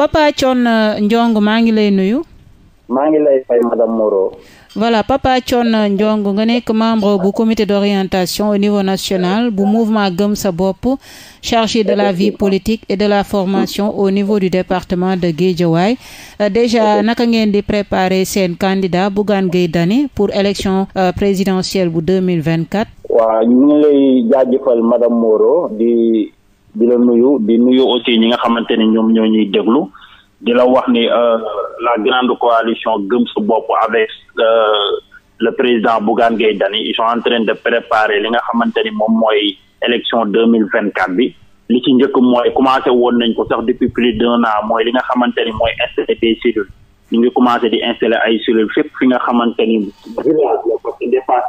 Papa Thione euh, Ndiong maa ngi lay nuyu. maa ngi lay fay madame Moreau. voilà euh, nga nekk membre bu comité d'orientation au niveau national bu mouvement gëm sa bopp chargé de la vie politique et de la formation au niveau du département de Guédiawaye euh, déjà naka ngeen di préparer seen candidat Bougane Gueye Dany pour élection présidentielle bu 2024. waaw ñu ngi lay jaajëfal madame Moreau di la nuyu di nuyu aussi ñi nga xamante ni ñoom ñoo ñuy déglu di la wax ni euh, la grande coalition gëm su bopp avec euh, le président Bougane Gueye Dany ils sont en de préparer li nga xamante ni moom mooy élection deux mille vingt quatre bi li ci njëkk mooy commencé woon nañ ko sax depuis plus d'un na mooy li nga xamante ni mooy installé des cellules ñu ngi commencé di installé ay cellules fépp fi nga xamante ni village la parce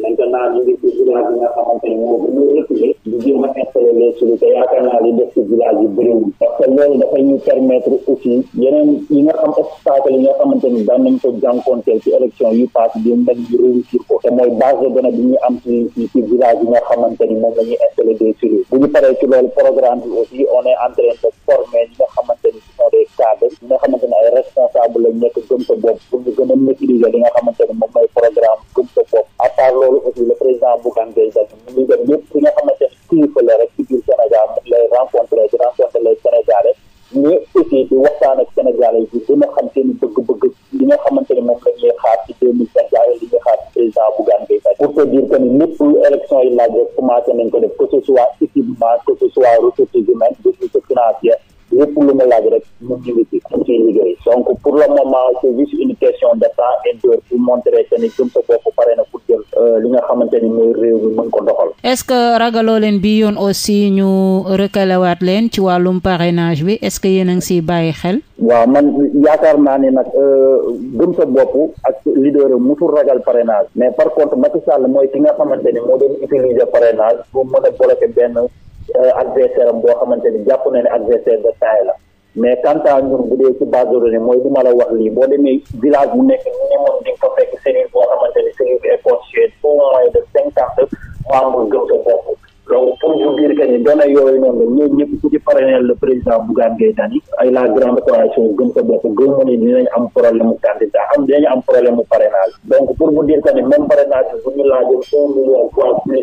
maintenant ñu ngi ci village yi nga xamante ne moom bu ñu reculé di jéem a installé les solutés te yaakaar naa li def ci village yi bëriwul parce que loolu dafay ñu permettre aussi yeneen yi nga xam obstacle yi nga xamante ni daan nañ ko jànkonteel ci élection yu passe bi ndax ñu réussir ko te mooy base de données bi ñuy am ci ci village yi nga xamante ni moom la ñuy installé des solutés bu ñu paree ci loolu programme bi aussi on est en train de former ñi nga xamante ni formation des cadres ñi nga xamante ne ay responsable lañ nekk gëm sa bopp pour ñu gën a maîtriser li nga xamante ne moom mooy programme gëm sa bopp à loolu président Bougane Gueye Dany dem ñëpp li nga ne kilifa la rek ci biir lay rencontré di rencontré les Sénégalais mais aussi di waxtaan ak Sénégalais yi gën a xam ne moom la ñuy xaar ci deux mille vingt li ñuy xaar président Bougane Gueye pour te dire que ni lépp élection yi laaj rek commencé nañ ko def que ce soit équipement lépp lu ma laaj rek mu ngi ci mu donc pour le moment c'est une question de temps et d'heure pour montrer que ni gëm sa bopp pare na pour jël euh, li nga xamante ni mooy réew mi mën ko doxal. est-ce que ragaloo leen bi yoon aussi ñu recalewaat leen ci wàllum parrainage bi est-ce yéen a ngi siy bàyyi xel. waaw man yaakaar naa ne nag euh, gëm sa bopp ak leader musul ragal parrainage mais par contre Macky Sall mooy ki nga xamante ni moo doon utiliser parrainage pour mën a bloquer benn. Euh, adversaire am boo xamante ni jàpp na ne adversaire de taille la mais quant à ñun bu dee ci base de données mooy li ma la wax lii boo demee village bu nekk ñu ne moom di nga ko fekk cellule boo xamante ni cellule bi est constituée au moins de cinquante membres gëm sa bopp fekkee eh, yooyu noonu la ku ci parrainel le président Bougane Gueye ay la grande coalition gëm sa bopp gëm ma ni dinañ am problème mu candidat am dinañ am problème mu parrainage donc pour vous dire que ni même parrainage bi bu ñu laajoon un million trois plus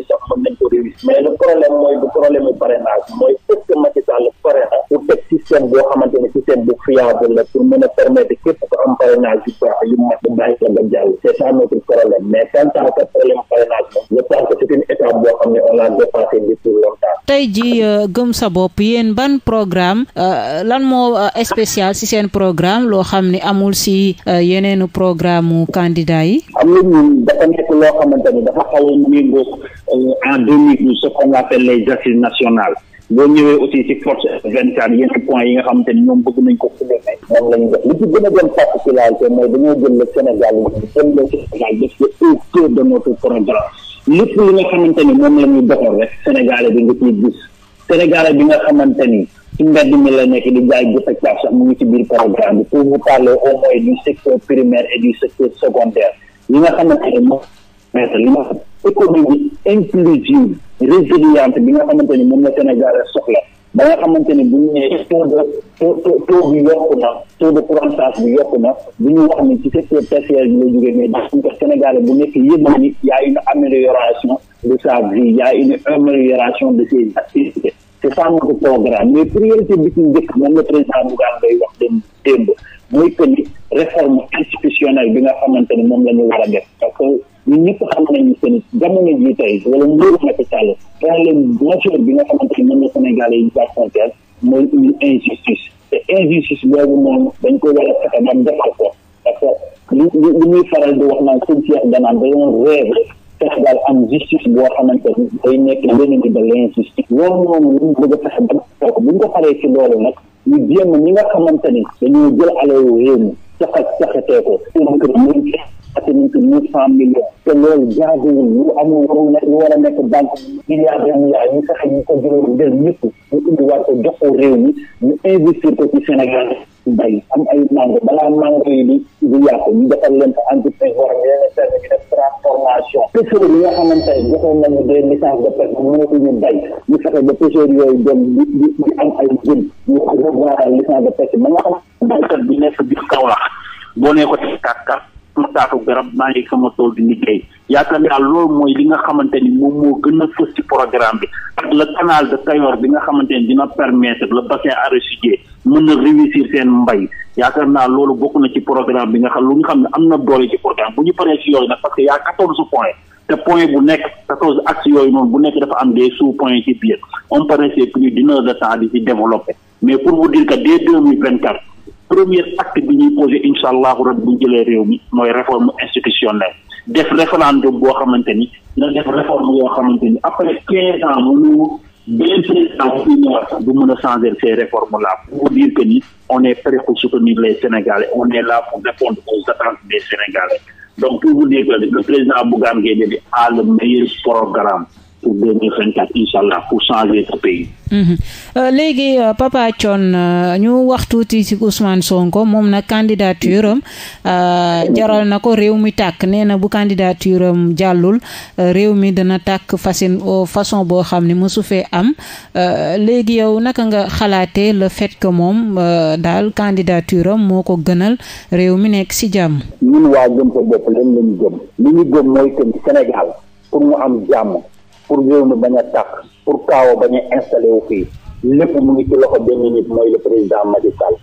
réussir mais le problème mooy du problème mu parrainage mooy est-ce Sall pare na pour teg système boo xamante ne système bu fiable la pour mën a permettre képp ko am parrainage yu baax yu mat bu bàyyi la jàll c'est ça notre problème mais tant que problème parrainage moom je pense que c'est une étape boo xam ne on a dépassé depuis longtemps tey ji euh, gëm sa bopp yéen ban programme euh, lan moo euh, spécial si seen programme loo xam ne amul si yeneenu programme mu candidat yi am nañu dafa nekk loo xamante ni dafa xaw a méngoo en deux mille ce qu'on appelle les assises nationales boo ñëwee aussi ci force F24 yenn points yi nga xam ni ñoom bëgg nañ ko soulever. moom la ñu def li ci gën a doon particularité mooy dañoo jël le Sénégal jël le Sénégal def ko au de notre programme lépp li nga xamante ni moom la ñuy doxal rek sénégalais bi nga ciy gis sénégalais bi nga xamante ni ci mbedd mi la nekk di jaay gëstu ak sax mu ngi ci biir programme bi pour vous parler au moins du secteur primaire et du secteur secondaire li nga xamante ni moom. mais li ma économie inclusive résiliente bi nga xamante ni moom la Sénégal soxla ba nga xamante ni bu ñu nee taux de taux taux bi yokku na taux de croissance bi yokku na bu ñu wax ni ci secteur tertiaire bi la jógee mais dax ñu ko Sénégal bu nekk yëg na ni y a une amélioration de sa vie y a une amélioration de ses activités c'est ça notre programme mais priorité bi ci njëkk moom la président Bougane day wax dem démb mooy que ni réforme institutionnelle bi nga xamante ni moom la ñu war a def parce que ñun ñëpp xam nañu que ni bi nga xamante ni moom la Sénégalais yi jàppanteel mooy une injustice te injustice boobu noonu dañ a fexe ba defar ko parce que li li ñuy faral di wax naan suñu am justice boo xamante ni day nekk l'ennemi de l'injustice loolu noonu ñu bëgg a fexe ko bu ñu ko paree ci loolu nag ñu jéem ñi nga xamante ni dañoo jël alalu réew mi caxat caxatee ko attenañ ko millions te loolu jaaduwul lu amul war a nekk banque milliards de milliards ñu ko juróom del ñëpp ñu indi war ko jox ko mi ñu ci Sénégal bay am ay mango balaa mango yi di di yàqu ñu defal leen ko entreprise war ñu leen serve ñu def transformation pêcheurs yi nga xamante ne joxoon nañu de pêche ba pêcheurs am ay jën ñu de pêche ba nga xam baykat bi nekk biir Kaolack boo nee ko ci kàkkat sama taatu garab maa ngi sama tool di liggéey yaakaar naa loolu mooy li nga xamante ni moom moo gën a fës ci programme bi ak bi nga xamante ni dina permettre le bassin arachidier mën na réussir seen mbay yaakaar naa loolu bokk na ci programme bi nga xam lu nga xam ne am na doole ci programme bu ñu paree si yooyu nag parce que y' a quatorze points te point bu nekk quatorze axes yooyu noonu bu nekk dafa am des sous points ci biir on paraissait plus d'une heure de temps di ci développer premier acte bi ñuy posé incha allahu rabi bu jëlee réew mi mooy réforme institutionnelle def référendum boo xamante ni na def réforme yoo xamante ni après quinze ans mënu benn président bu ñëwaat mën a changer ces réformes là pour dire que ni on est prêt pour soutenir les Sénégalais on est là pour répondre aux attentes des Sénégalais donc pour vous dire que le président Bougane Gueye Dany a le meilleur programme Mhm. Euh, léegi euh, Papa Thione euh, ñu wax tuuti ci Ousmane Sonko moom nag candidature am jaral na ko réew mi tàkk nee na bu candidature am jàllul réew mi dana tàkk façon boo xam ne mosu fee am léegi yow naka nga xalaatee la fet ko moom daal candidature moo ko gënal réew mi nekk ci jàmm. ñun waa gëm sa bopp lañu gëm gëm mooy que Sénégal pour mu am jàmm. pour réew mi bañ a tàkk pour kaawa bañ a installé wu fii lépp mu ngi ci loxo benn nit mooy le président Macky Sall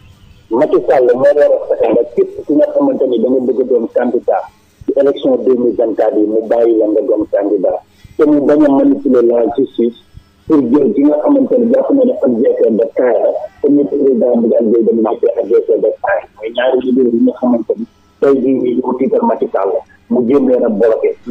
Macky Sall moo war a fexe ba képp ki nga xamante ni da nga bëgg doon candidat ci élection deux mille vingt quatre yi mu bàyyi la nga doon candidat te mu bañ a manipuler la justice pour jël ki nga xamante ni jàpp na ak GFR de taille la comme ni président bi de taille mooy ñaari leader yi nga xamante ni tey jii ñu tiital Macky mu jéem leen a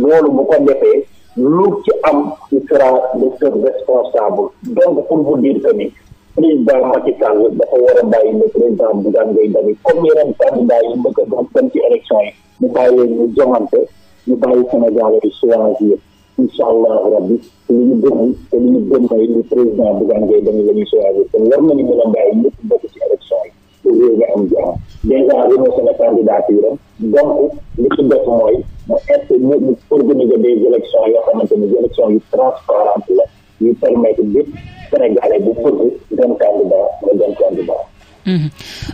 loolu bu ko defee lu ci am il sera le seul responsable donc pour vous dire que ni président Macky Sall dafa war a bàyyi le président Bougane Gueye Dany comme yeneen candidat yi bëgg a doon dem ci élection yi ñu bàyyi ñu joŋante ñu bàyyi Sénégal yi choisir incha allah rabbi li ñu gëm te li ñu gëm mooy li président Bougane Gueye Dany la ñuy choisir te war nañu mën a bàyyi ñëpp bokk ci élection yi pour réew mi am jàmm dèjà renoncé na candidature am donc li ci def mooy Mhm.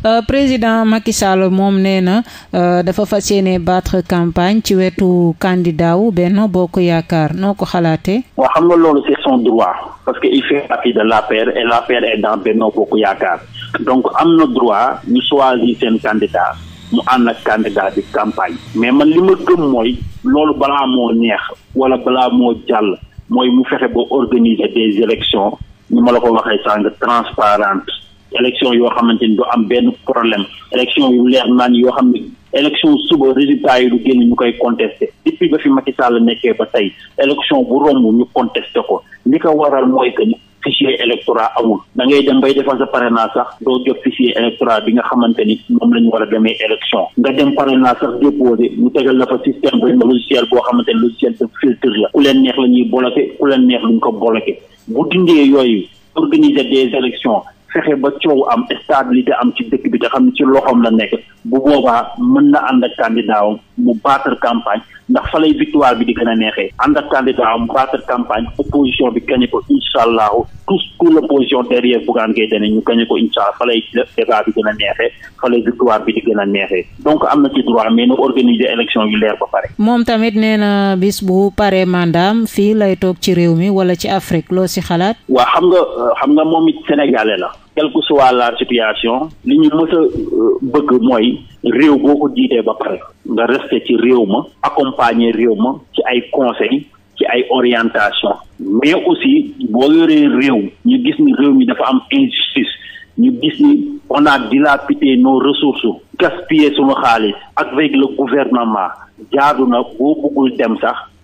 Euh, président Macky Sall moom nee na euh, dafa fas yéene battre campagne ci wetu candidat wu boo Bokk Yaakaar noo ko xalaatee. waaw xam nga loolu c'est son droit parce que il fait partie de et l'APR est dans Benno Bokk Yaakaar donc am na droit ñu choisir seen candidat mu ànd ak candidat bi campagne mais man li ma gëm mooy loolu balaa moo neex wala balaa moo jàll mooy mu fexe ba organiser des élections ñu ma la ko waxee sàng transparente élection yoo xamante ni du am benn problème élection yu leer naan yoo xam ne élection suba résultat yi du génn ñu koy contesté depuis ba fi Macky Sall nekkee ba tey élection bu romb ñu contesté ko li ko waral mooy que fichier électoral amul dangay dem bay defal sa parrainage sax doo jot fichier électoral bi nga xamante ni moom la ñu war a demee élection nga dem parrainage sax déposé ñu tegal la fa système bi logiciel boo xamante ni logiciel de filtre la ku leen neex la ñuy bloqué ku leen neex luñ ko bloqué bu dindee yooyu organiser des élections fexe ba coow am estabilité am ci dëkk bi te xam ne ci loxoom la nekk bu boobaa mën na ànd ak candidat mu battre campagne ndax fa lay victoire bi di gën a neexee ànd ak candidat am battre campagne opposition bi gañe ko incha allahu tous tout l'opposition derrière Bougane Gueye Dany ñu gañe ko incha allah fa lay débat bi gën a victoire bi di gën a neexee donc am na ci droit mais na organiser élection yu leer ba pare. moom tamit nee na bis bu pare mandaam fii lay toog ci réew mi wala ci Afrique loo si xalaat. waa xam nga xam nga moom it sénégalais la. quelle que soit la situation li ñu mës euh, bëgg mooy réew boo ko jiitee ba pare nga rester ci réew ma accompagner réew ma ci ay conseils ci ay orientation mais aussi boo yoree réew ñu gis ni réew mi dafa am injustice ñu gis ni on a dilapidé nos ressources gaspillé sunu xaalis avec le gouvernement jaadu na boo bëggul dem sax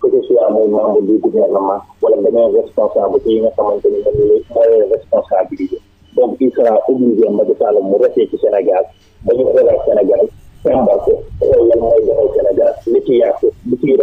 que ce soit muy membre du gouvernement wala beneen responsable ci yi nga xamante ni mooy responsabilité donc mu resee ci Sénégal ba ñu xoolaat Sénégal càmbar mooy doxal Sénégal li ci yàqu li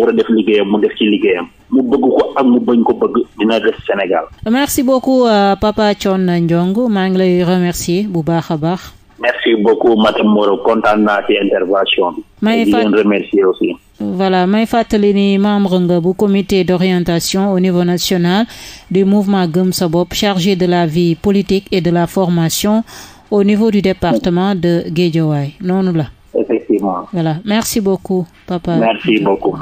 war def liggéeyam mu def ci liggéeyam mu bëgg ko ak mu bañ ko bëgg dina def Sénégal merci beaucoup euh, Papa Thione Ndiongue maa ngi lay remercier bu baax a baax merci beaucoup madame Moreau kontaan naa ci intervention bi. may fàttali di leen remercier aussi. voilà may fàttali ni membre nga bu comité d'orientation au niveau national du mouvement Gëm sa bopp chargé de la vie politique et de la formation au niveau du département de Guédiawaye noonu la. effectivement voilà merci beaucoup papa. merci beaucoup.